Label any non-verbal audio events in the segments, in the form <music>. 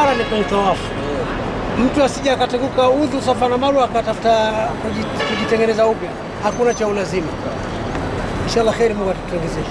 Mara ni kwenye tawafu, mtu asija akateguka udhu Safa na Marwa akatafuta kujitengeneza upya, hakuna cha ulazima. Inshallah kheri, Mungu atutuwezeshe.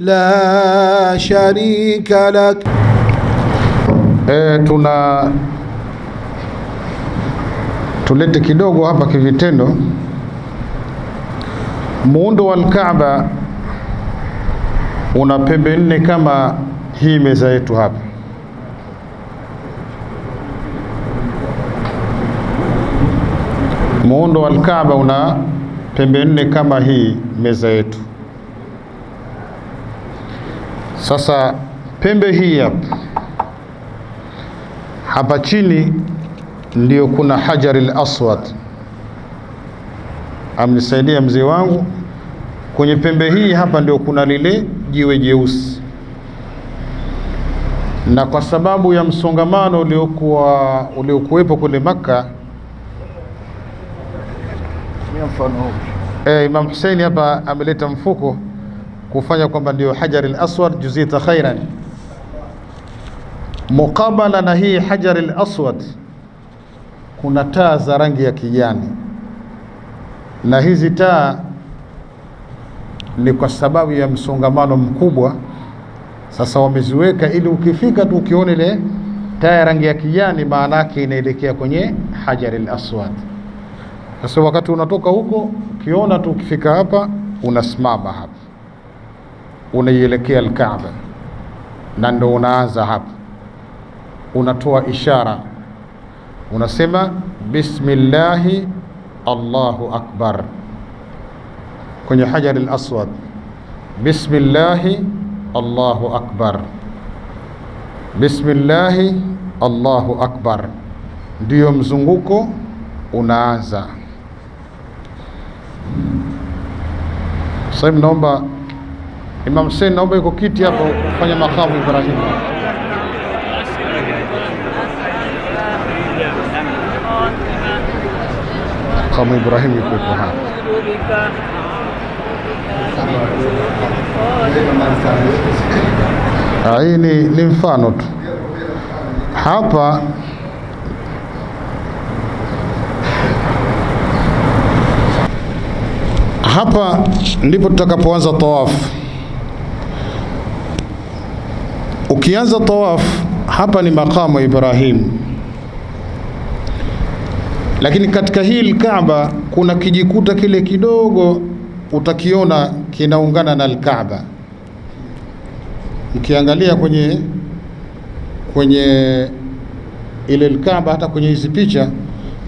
la sharika lak. E, tuna tulete kidogo hapa kivitendo muundo wa Alkaaba una pembe nne kama hii meza yetu hapa. Muundo wa Alkaaba una pembe nne kama hii meza yetu. Sasa pembe hii hapa hapa chini ndio kuna al aswad, amnisaidia mzee wangu. Kwenye pembe hii hapa ndio kuna lile jiwe jeusi, na kwa sababu ya msongamano uliokuwa uliokuwepo kule Makka, eh, Imam Huseini hapa ameleta mfuko kufanya kwamba ndio Hajar al-Aswad juzita khairan. Muqabala na hii Hajar al-Aswad kuna taa za rangi ya kijani, na hizi taa ni kwa sababu ya msongamano mkubwa. Sasa wameziweka ili ukifika tu ukione ile taa ya rangi ya kijani, maana yake inaelekea kwenye Hajar al-Aswad. Sasa wakati unatoka huko, ukiona tu ukifika hapa, unasimama hapa unaielekea Alkaaba na ndo unaanza hapa, unatoa ishara, unasema bismillahi Allahu akbar kwenye hajar al-aswad, bismillahi Allahu akbar, bismillahi Allahu akbar, ndiyo mzunguko unaanza. Sasa naomba Imam Hussein, naomba yuko kiti hapo kufanya makamu Ibrahim. Makamu Ibrahim yuko hapa. Hii ni, ni mfano tu hapa hapa ndipo tutakapoanza tawafu. Ukianza tawaf hapa ni makamu Ibrahim, lakini katika hili Kaaba kuna kijikuta kile kidogo utakiona kinaungana na Kaaba. Ukiangalia kwenye kwenye ile Kaaba, hata kwenye hizi picha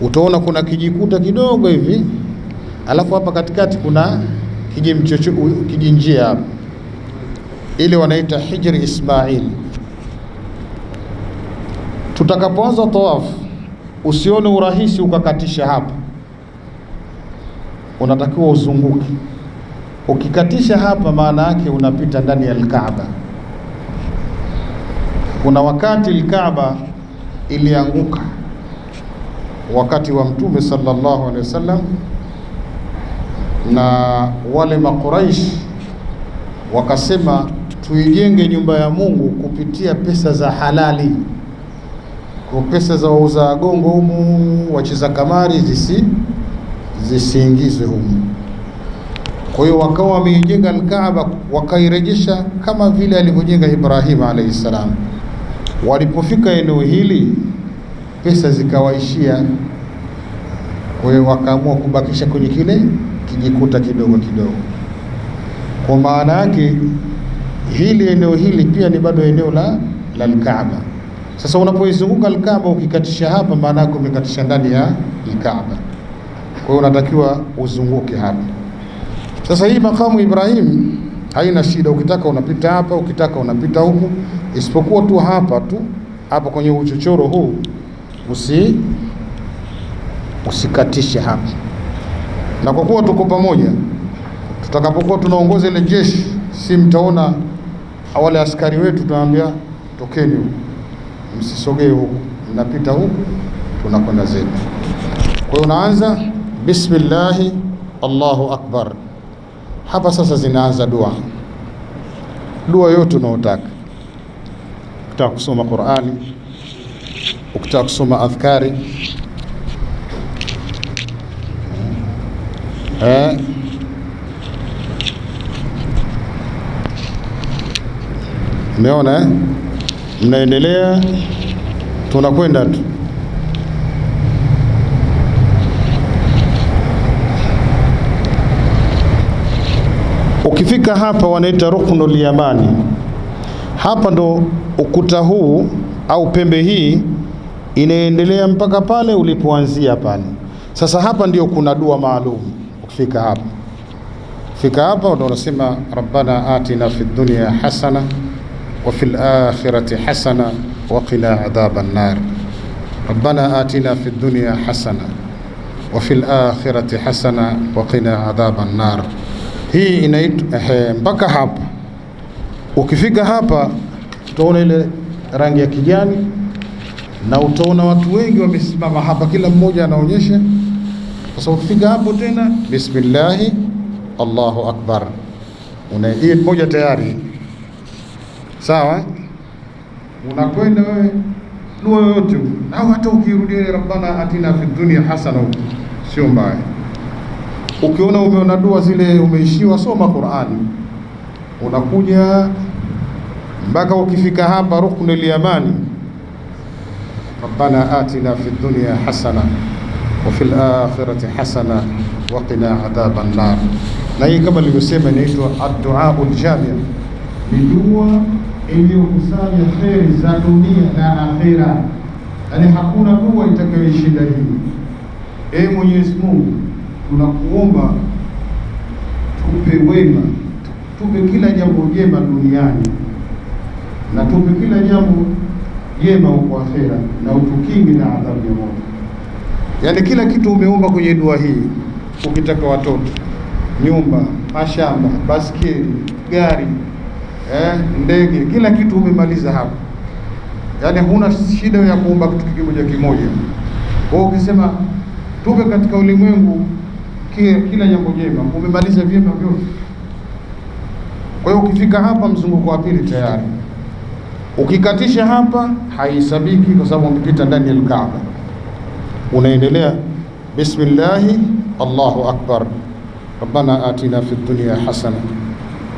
utaona kuna kijikuta kidogo hivi, alafu hapa katikati kuna kijimchocho kijinjia hapa ile wanaita hijri Ismail. Tutakapoanza tawafu, usione urahisi ukakatisha hapa, unatakiwa uzunguke. Ukikatisha hapa, maana yake unapita ndani ya Alkaaba. Kuna wakati Alkaaba ilianguka wakati wa Mtume sallallahu alaihi wasallam na wale Makuraishi wakasema tuijenge nyumba ya Mungu kupitia pesa za halali, kwa pesa za wauza gongo humu, wacheza kamari zisi zisiingizwe humu. Kwa hiyo wakawa wameijenga Alkaaba, wakairejesha kama vile alivyojenga Ibrahim alayhi salam. Walipofika eneo hili, pesa zikawaishia, kwa hiyo wakaamua kubakisha kwenye kile kijikuta kidogo kidogo, kwa maana yake hili eneo hili pia ni bado eneo la la Kaaba. Sasa unapoizunguka Kaaba ukikatisha hapa, maana yake umekatisha ndani ya Kaaba. kwa hiyo unatakiwa uzunguke hapa. Sasa hii makamu Ibrahim haina shida, ukitaka unapita hapa, ukitaka unapita huku, isipokuwa tu hapa tu hapa kwenye uchochoro huu usi usikatishe hapa, na kwa kuwa tuko pamoja, tutakapokuwa tunaongoza ile jeshi si mtaona wale askari wetu, tunaambia tokeni huku, msisogee huku, mnapita huku, tunakwenda zetu. Kwa hiyo unaanza bismillahi, Allahu akbar. Hapa sasa zinaanza dua, dua yote unaotaka ukitaka kusoma Qur'ani, ukitaka kusoma adhkari eh Umeona eh? Mnaendelea, tunakwenda tu. Ukifika hapa wanaita ruknul yamani. Hapa ndo ukuta huu au pembe hii inaendelea mpaka pale ulipoanzia pale. Sasa hapa ndio kuna dua maalum. Ukifika hapa, fika hapa ndo unasema rabbana atina fid dunya hasana وفي الآخرة حسنة nar. Rabbana atina fid dunya hasana wa fil akhirati hasana wa qina عذاب النار. Hii inaitwa mpaka hapa. Ukifika hapa utaona ile rangi ya kijani na utaona watu wengi wamesimama hapa, kila mmoja anaonyesha. Sasa ukifika hapo tena, bismillahi Allahu akbar, una hii moja tayari Sawa, unakwenda wewe dua yoyote au hata ukirudia rabbana atina fi dunya hasana, sio mbaya. Ukiona umeona dua zile umeishiwa, soma Qur'ani, unakuja mpaka ukifika hapa ruknul yamani, rabbana atina fi dunya hasana wa fil akhirati hasana wa qina adhaban nar. Na hii kama nilivyosema inaitwa ad-duaul jami', ni dua iliyokusanya kheri za dunia na akhera, yaani hakuna dua itakayoishinda hii. e Mwenyezi Mungu, tunakuomba tupe wema, tupe kila jambo jema duniani na tupe kila jambo jema huko akhera, na utukingi na adhabu ya moto. Yaani kila kitu umeomba kwenye dua hii, ukitaka watoto, nyumba, mashamba, baskeli, gari eh, ndege, kila kitu umemaliza hapo, yaani huna shida ya kuumba kitu kimoja kimoja. Kwa ukisema tupe katika ulimwengu kila jambo jema, umemaliza vyema vyote. Kwa hiyo ukifika hapa, mzunguko wa pili tayari, ukikatisha hapa haisabiki, kwa sababu umepita ndani ya Kaaba, unaendelea bismillahi, Allahu akbar, rabbana atina fid dunya hasana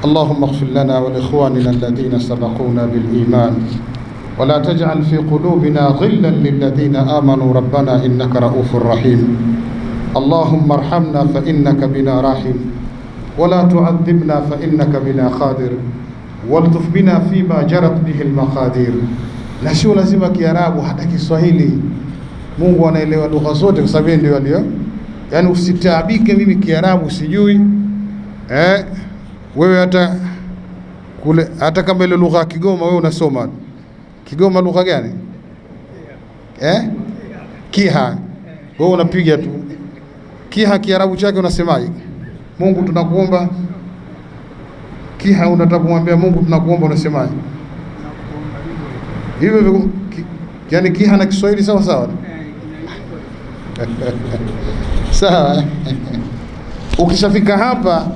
اللهم اغفر لنا ولإخواننا الذين سبقونا بالإيمان ولا تجعل في قلوبنا غلا للذين آمنوا ربنا إنك رؤوف رحيم اللهم ارحمنا فإنك بنا راحم ولا تعذبنا فإنك بنا خادر والطف بنا فيما جرت به المقادير na sio lazima Kiarabu hata Kiswahili. Mungu anaelewa lugha zote, kwa sababu ndio alio. Yani usitaabike, mimi Kiarabu sijui eh wewe hata kule, hata kama ile lugha ya Kigoma wewe unasoma Kigoma lugha gani eh? Kiha wewe unapiga tu Kiha, Kiarabu chake unasemaje? Mungu tunakuomba. Kiha unataka kumwambia Mungu tunakuomba, unasemaje? hivyo yani Kiha na Kiswahili sawa sawa <laughs> sawa. <laughs> Ukishafika hapa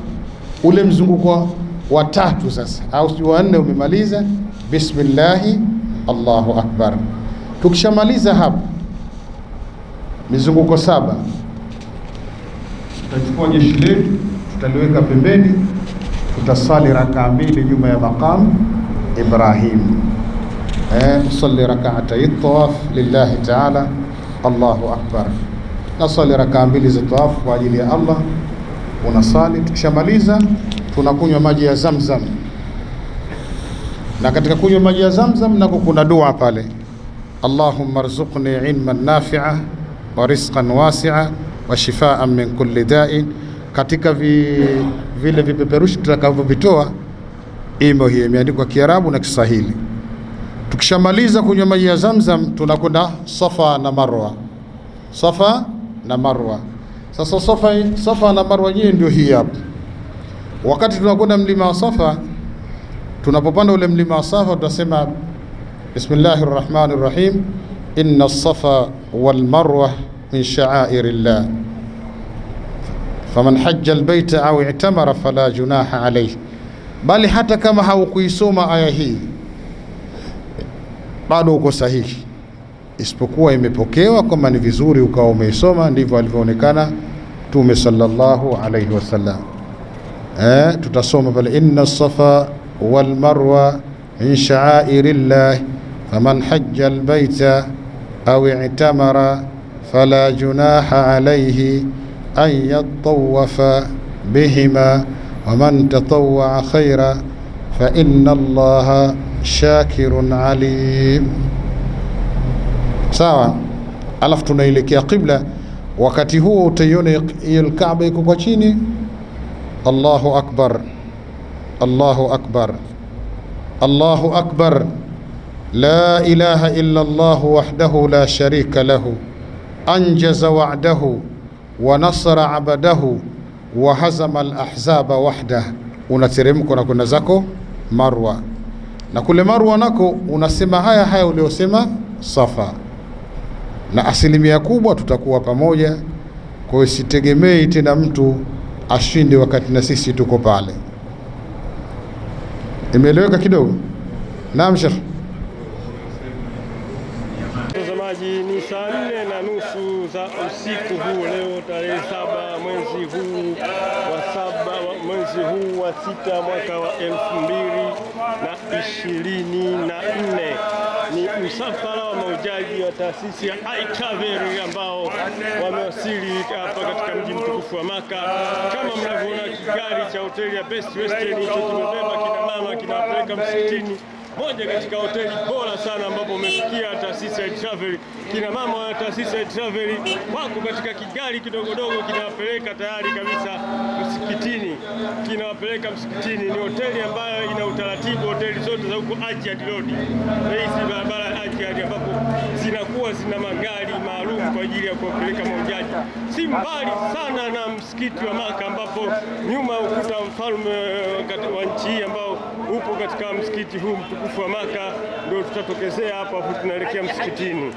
ule mzunguko wa tatu sasa, au si wa nne umemaliza. Bismillahi, Allahu akbar. Tukishamaliza hapo mizunguko saba, tutachukua jeshi letu tutaliweka pembeni, tutasali rakaa mbili nyuma ya maqam Ibrahim. Eh, tusalli rakaatai tawaf lillahi taala, Allahu akbar. Nasali rakaa mbili za tawaf kwa ajili ya Allah unasali. Tukishamaliza tunakunywa maji ya Zamzam, na katika kunywa maji ya Zamzam nako kuna dua pale, Allahumma rzuqni ilman nafi'a wa rizqan wasi'a wa shifaa'an min kulli da'in. Katika vi, vile vipeperushi tutakavyovitoa imo hiyo imeandikwa Kiarabu na Kiswahili. Tukishamaliza kunywa maji ya Zamzam tunakwenda Safa na Marwa, Safa na Marwa. Sasa Safa, Safa na Marwa yenyewe ndio hii hapa. Wakati tunakwenda mlima wa Safa, tunapopanda ule mlima wa Safa tutasema bismillahir rahmanir rahim, inna safa wal marwa min sha'airillah faman hajja albaita au i'tamara fala junaha alayhi. Bali hata kama haukuisoma aya hii bado uko sahihi isipokuwa imepokewa kwamba ni vizuri ukawa umeisoma. Ndivyo alivyoonekana Mtume sallallahu alayhi wasallam. Eh, tutasoma pale inna safa wal marwa min sha'airillah faman hajja baita aw i'tamara fala junaha alayhi an yatawafa bihima waman tatawwa khaira fa inna allaha shakirun alim sawa, alafu tunaelekea qibla. Wakati huo utaiona hiyo Kaaba iko kwa chini. Allahu akbar, Allahu akbar, Allahu akbar, la ilaha illa Allahu wahdahu la sharika lahu anjaza wa'dahu wa nasara abadahu wa hazama al-ahzaba wahdah. Unateremka na kwenda zako Marwa, na kule Marwa nako unasema haya haya uliyosema Safa na asilimia kubwa tutakuwa pamoja. Kwa hiyo sitegemei tena mtu ashinde wakati na sisi tuko pale. Imeeleweka kidogo? Naam, Sheikh Mtazamaji, ni saa nne na nusu za usiku huu leo tarehe saba mwezi huu wa saba mwezi huu wa sita mwaka wa elfu mbili na ishirini na nne ni msafara wa mahujaji wa taasisi ya Aikaveri ambao wamewasili hapa katika mji mtukufu wa Maka. Kama mnavyoona, kigari cha hoteli ya Best Western hicho kimebeba kina mama kinawapeleka msikitini moja katika hoteli bora sana ambapo umesikia taasisi ya travel. Kina mama wa taasisi ya travel wako katika kigari kidogodogo, kinawapeleka tayari kabisa msikitini, kinawapeleka msikitini. Ni hoteli ambayo ina utaratibu, hoteli zote za huko Ajiad Road, hizi barabara ya Ajiad ambapo zinakuwa zina magari ma maalumu kwa ajili ya kuwapeleka mahujaji, si mbali sana na msikiti wa Maka, ambapo nyuma ya wa mfalme wa nchi hii ambao upo katika msikiti huu mtukufu wa Maka, ndio tutatokezea hapa, hapo tunaelekea msikitini.